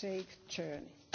safe journey.